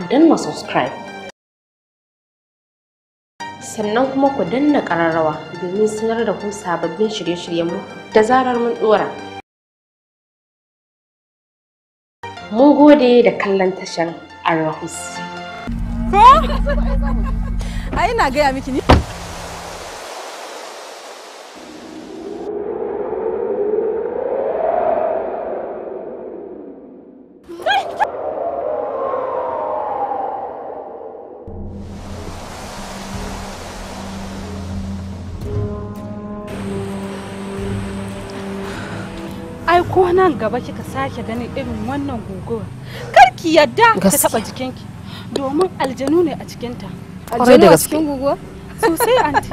ku danna subscribe sannan kuma ku danna kararrawa domin sanar da ku sababbin shirye-shiryenmu da zarar mun ɗora. Mun gode da kallon tashar Arahus. Ko? Ai na gaya miki ni. gaba kika sake ganin irin wannan guguwa ki yadda ka taba jikinki domin aljanu ne a cikinta aljanu a cikin guguwa sosai anti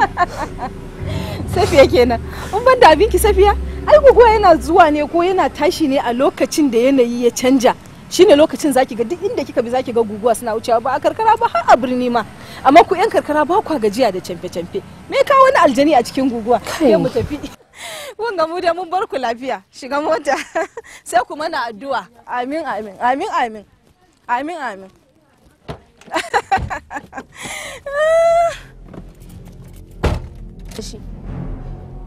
safiya kenan in ban da abinki safiya ai guguwa yana zuwa ne ko yana tashi ne a lokacin da yanayi ya canja shine lokacin zaki ga duk inda kika bi zaki ga guguwa suna wucewa ba a karkara ba har a birni ma amma ku yan karkara ba kwa gajiya da camfe camfe me kawo wani aljani a cikin guguwa ya mu tafi mun ga mu mun bar ku lafiya shiga mota sai ku mana addu'a amin amin amin amin amin amin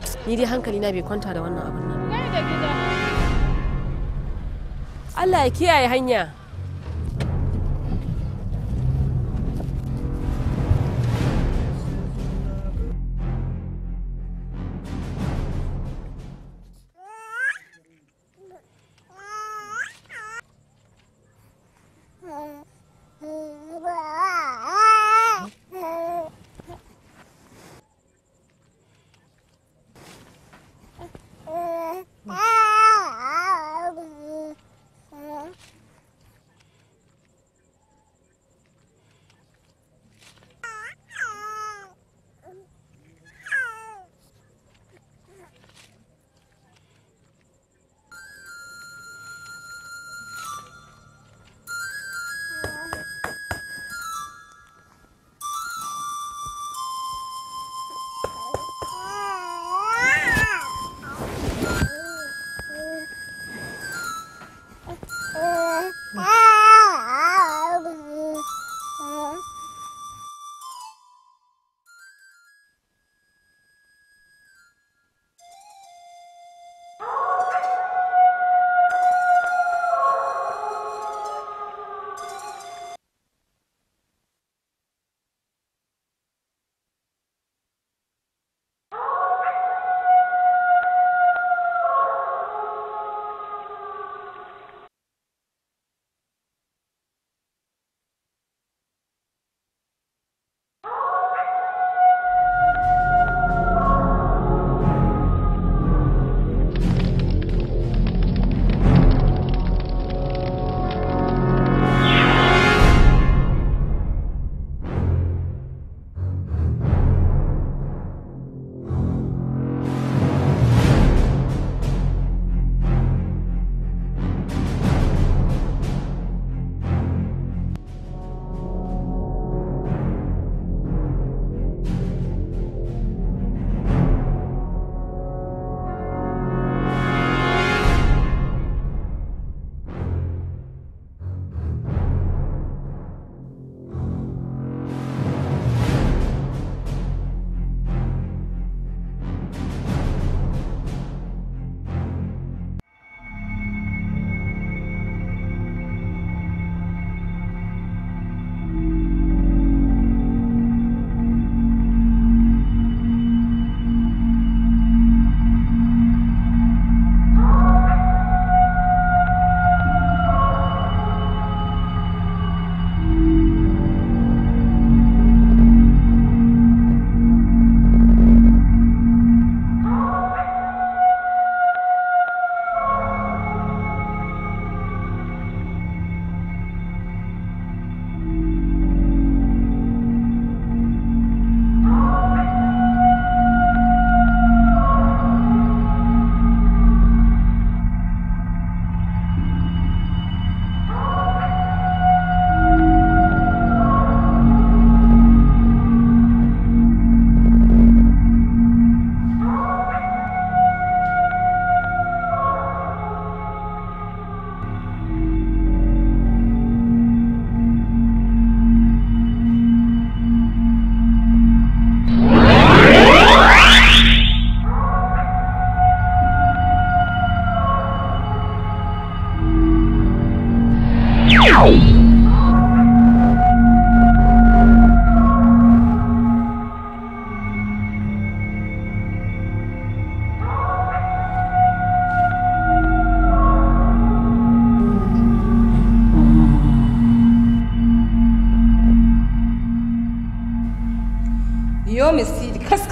ni dai hankali na bai kwanta da wannan abin nan Allah ya kiyaye hanya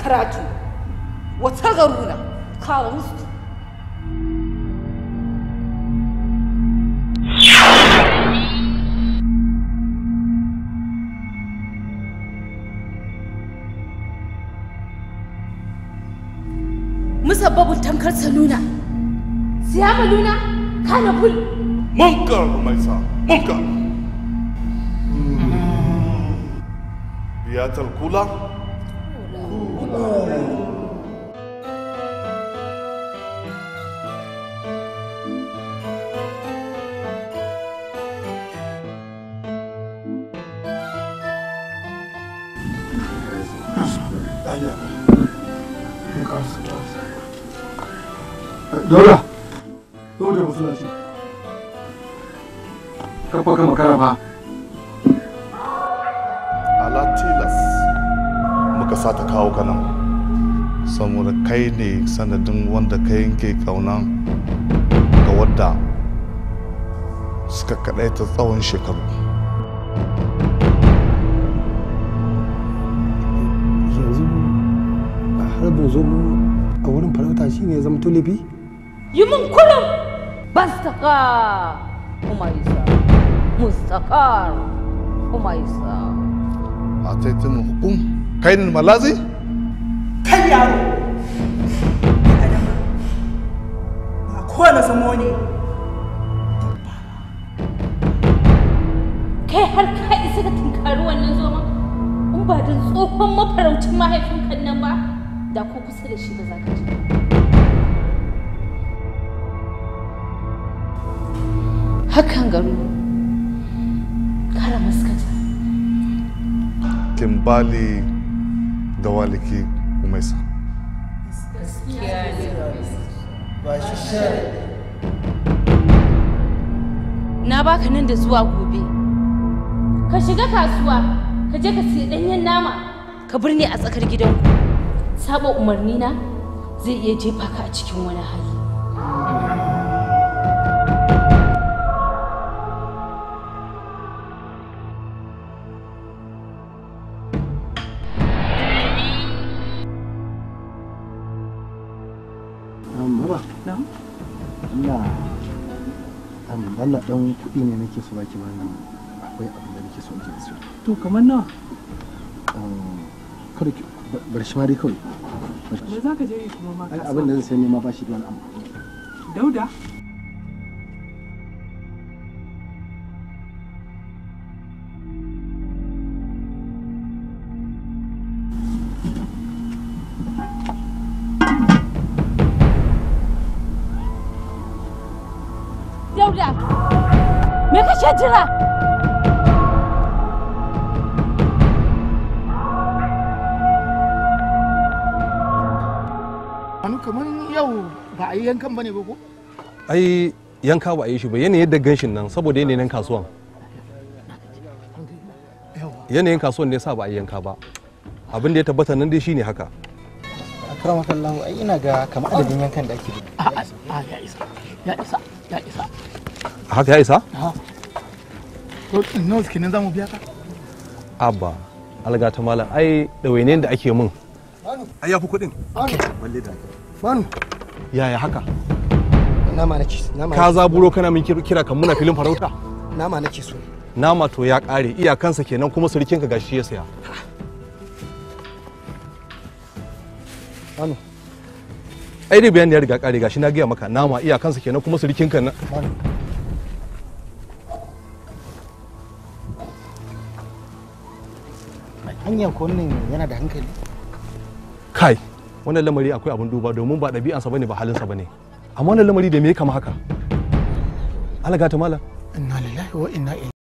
karatu wata garuna kawo musu musabbabin tamkar saluna siyama luna kana bul mun karu mai sa mun karu hmm. biyatar kula Daura, zo da masallaci. Kafa ka makara fa. Ala tilas muka sa ta kawo ka nan. Saboda kai ne sanadin wanda ka yanke kauna ga wadda suka ta tsawon shekaru. Yanzu harbin zo a wurin farauta shine ya zama tulifi? yi min kurum bastaka kuma isa mustakar kuma isa a taitin hukum kainin malazi kai yaro ba kowane samo ne kai har ka isa ka tunkari wannan zoma in ba da tsohon mafarautun mahaifinka nan ba da ko kusa da shi ba za ka je hakan garu kara maskata kimbali da waliki umaisa na baka nan da zuwa gobe ka shiga kasuwa ka je ka siya danyen nama ka birne a tsakar gidanku saba umarni na zai iya jefa ka a cikin wani hali Allah dan kuɗi ne nake so baki bani akwai abin da nake so in je to kamar nawa kada ki bar shi ma dai kawai me za ka je yi kuma ma ka abin da zan sai ne ma ba shi da wani amma dauda yankan bane ko ai yanka ba a yi shi ba yanayin da ganshin nan saboda yanayin kasuwan yanayin kasuwan ne sa ba a yanka ba abin da ya tabbata nan dai shine haka akrama ai ina ga kamar adadin yankan da ake a ya isa ya isa ya isa haka ya isa to nawa nan zamu biya ka abba alga ta malam ai da waine da ake min ai yafi kuɗin balle da banu yaya haka nama ce nama ka zaburo kana min kira kan muna filin farauta nama nake so nama to ya kare iyakansa kenan kuma surikin ka gashi ya saya Manu. Ai bayan da ya riga kare gashi na ga maka nama iyakansa kenan kuma surikin ka na. Hanyar yana da hankali? Kai, wannan lamari akwai abin duba domin ba ɗabi'ansa bane ba halinsa bane amma wannan lamari da me ya kama haka ga ta mala inna lillahi wa inna ilaihi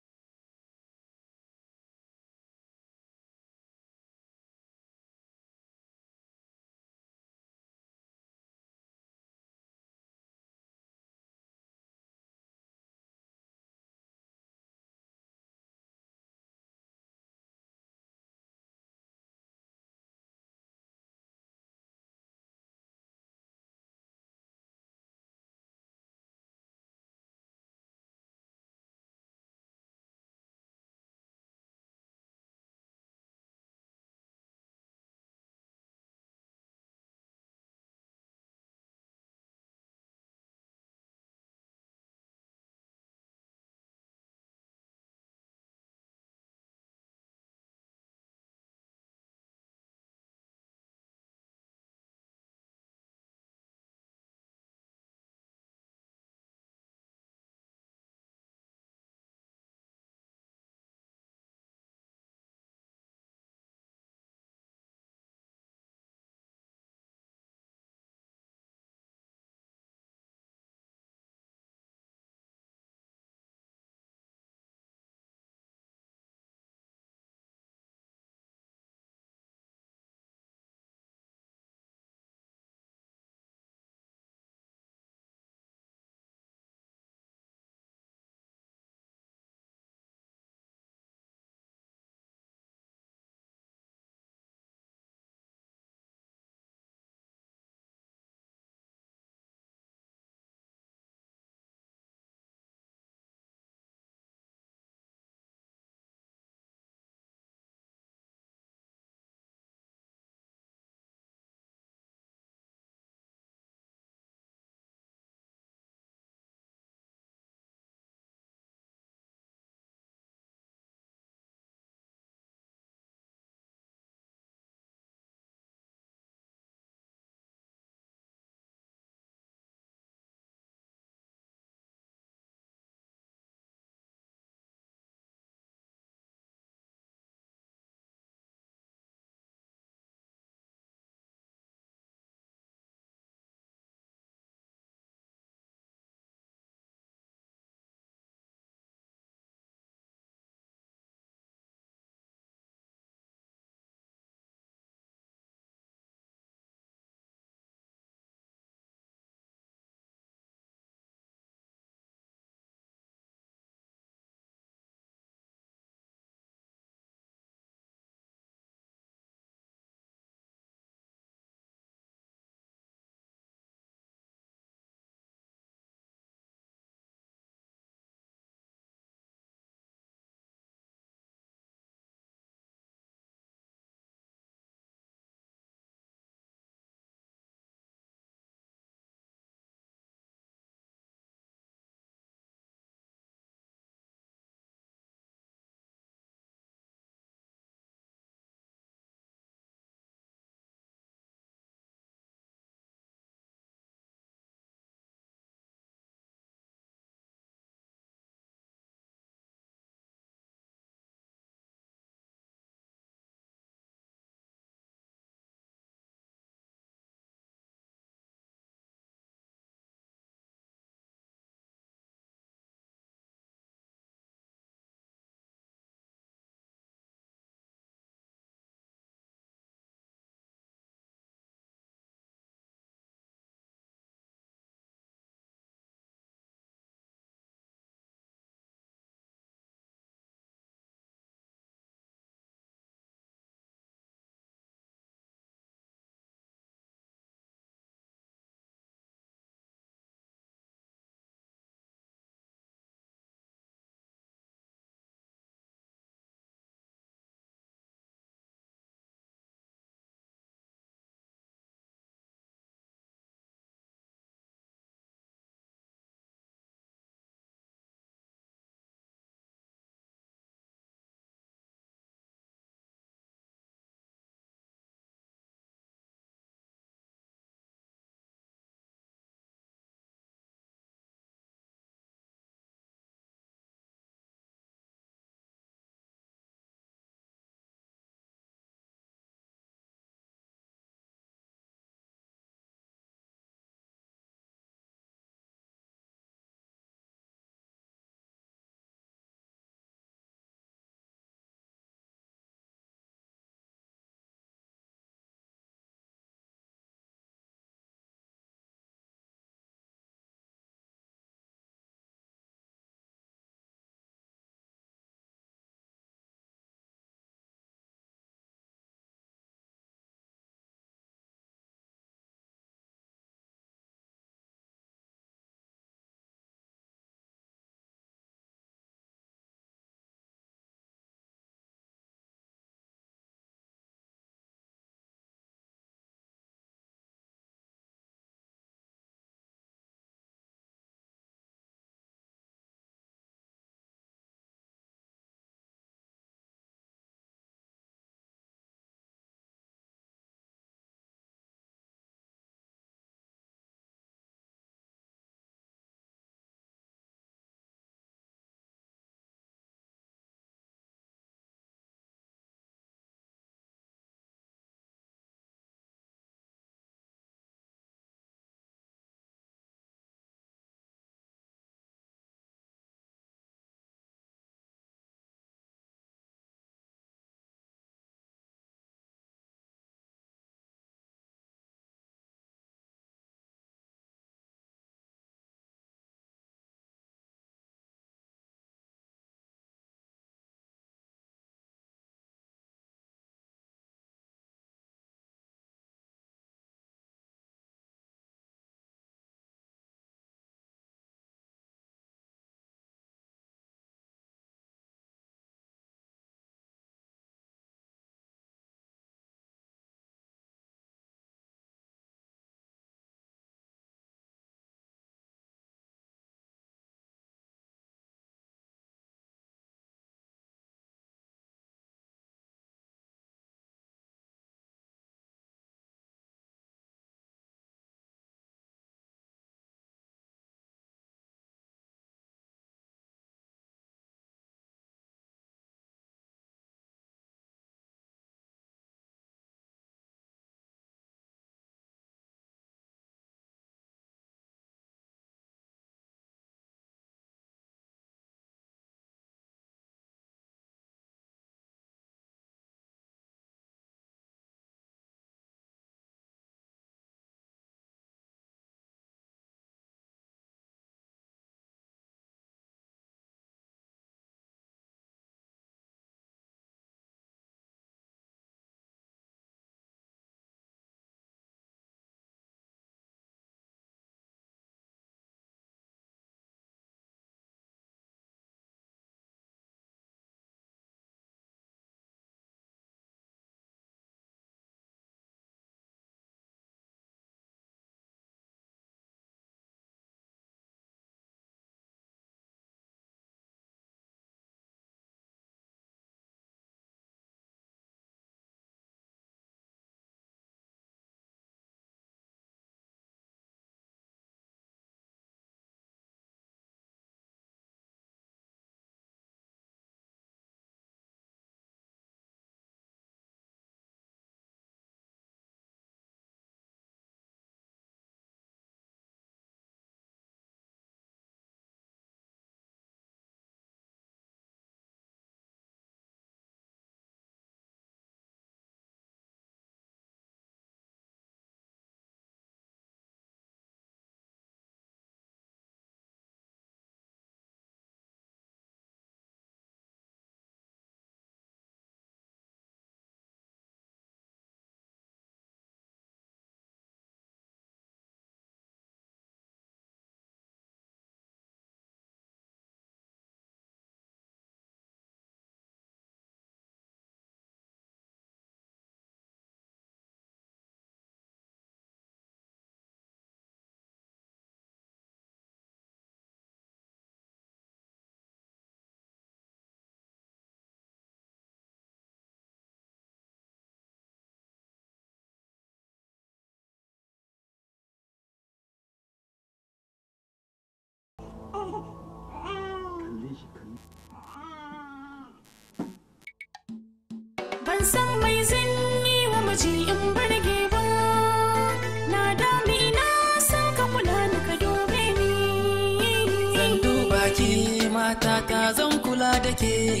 da ke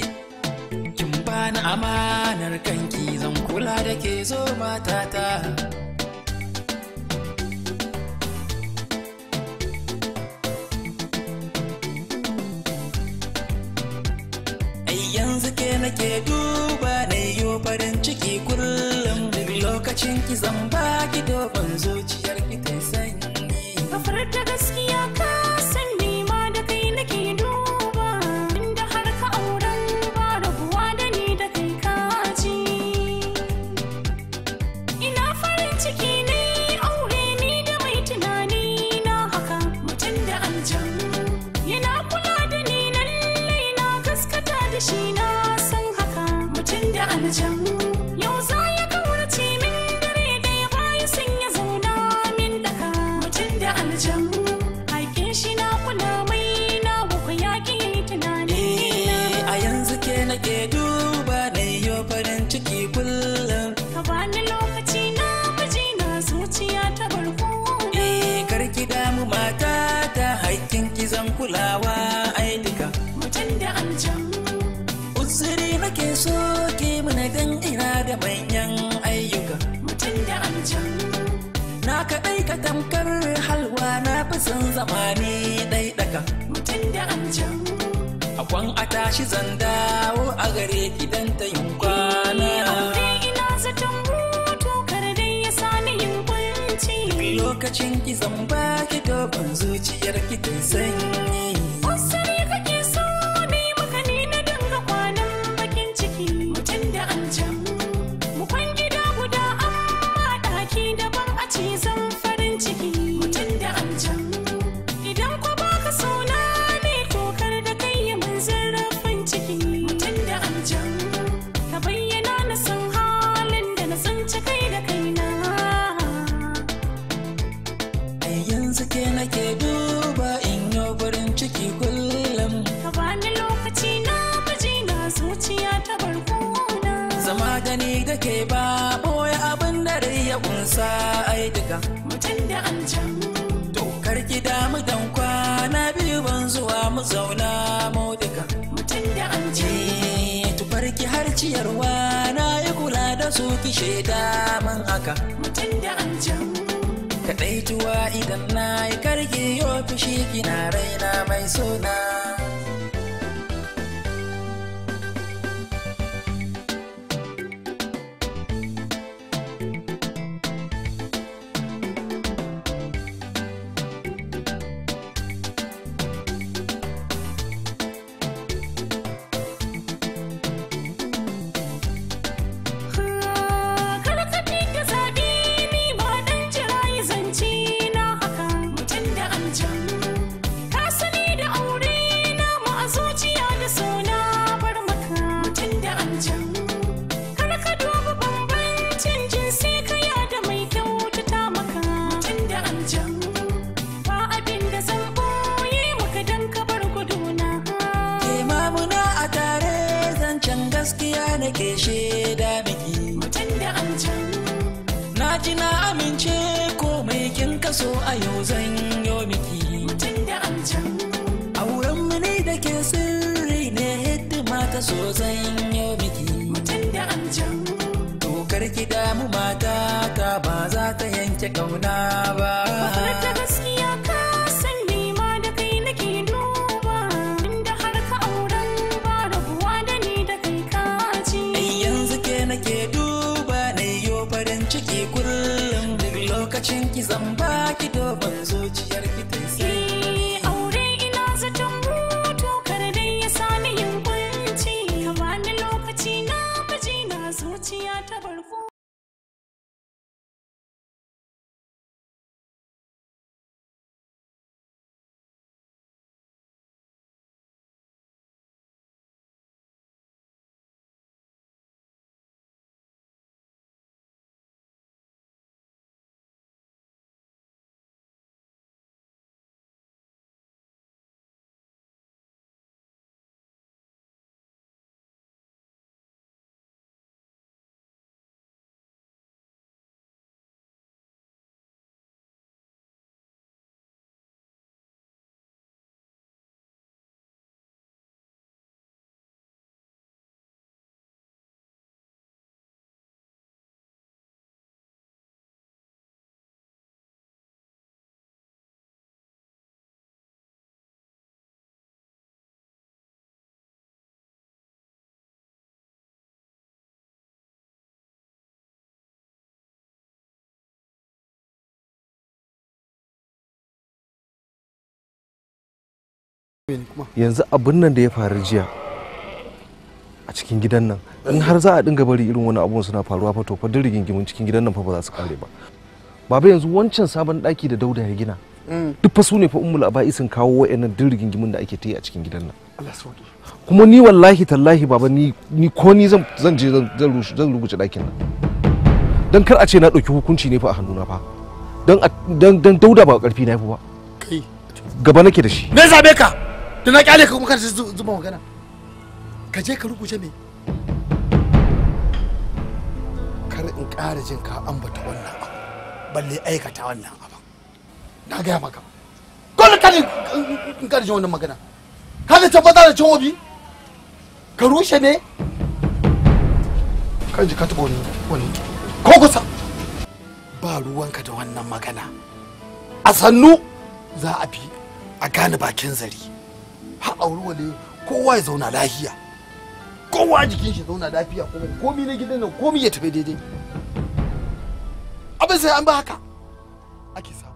kin bani amanar kanki zan kula da ke zo matata ai yanzu ke nake duba na yi farin ciki kullum lokacin ki zan baki doban zuci nake duba na yo farin ciki kullum ka bani lokaci na miji na zuciya ta barko eh karki damu mata ta haƙƙin ki zan kulawa ai duka mutum da aljan uzuri nake so ke mun dan ina da manyan ayyuka mutum da aljan na kaɗai ka tamkar halwa na fi son zamani ɗaiɗaka mutum da aljan Akwan a tashi zan dawo a gare ki dan ta yin kwana. Aure ina zaton hutu kar dai ya sani yin kwanci. Lokacin ki zan baki dogon zuciyar ki ta sanyi. zauna mauduka mutum da an ce tufarki har ciyarwa na yi kula da su ki shaida man haka mutum da an kaɗaituwa idan na yi karki yo fushi kina raina mai suna yanzu abin nan da ya faru jiya a cikin gidan nan in har za a dinga bari irin wani abun suna faruwa fa to fa duk rigingimin cikin gidan nan fa ba za su kare ba baba yanzu wancan sabon daki da dauda ya gina mm. duk fa sune fa ummul abai sun kawo wayannan duk rigingimin da ake ta a cikin gidan nan kuma ni wallahi tallahi baba ni ni ko ni zan zan je zan rushe zan rubuce dakin nan dan kar a ce na dauki hukunci ne fa a hannuna fa dan dan dauda ba karfi na yafi ba kai gaba nake da shi me zabe ka da na kyale ka kuma kana zuba magana ka je ka rubuce me kar in ƙara jin ka ambata wannan abu balle aikata wannan abu na gaya maka dole kare in ƙara jin wannan magana ka ga tabbata da cin obi ka rushe ne kan ji ka taɓa wani wani ko kusa ba ruwanka da wannan magana a sannu za a bi a gane bakin zari ha auri wale kowa ya zauna lafiya kowa jikin shi zauna lafiya kuma komi na gidan nan komi ya tafi daidai abin sai an ba haka ake samu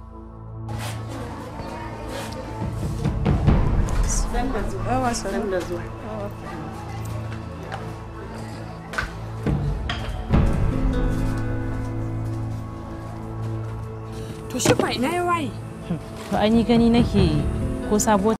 To shi ina ya waye? To an yi gani nake ko sabuwar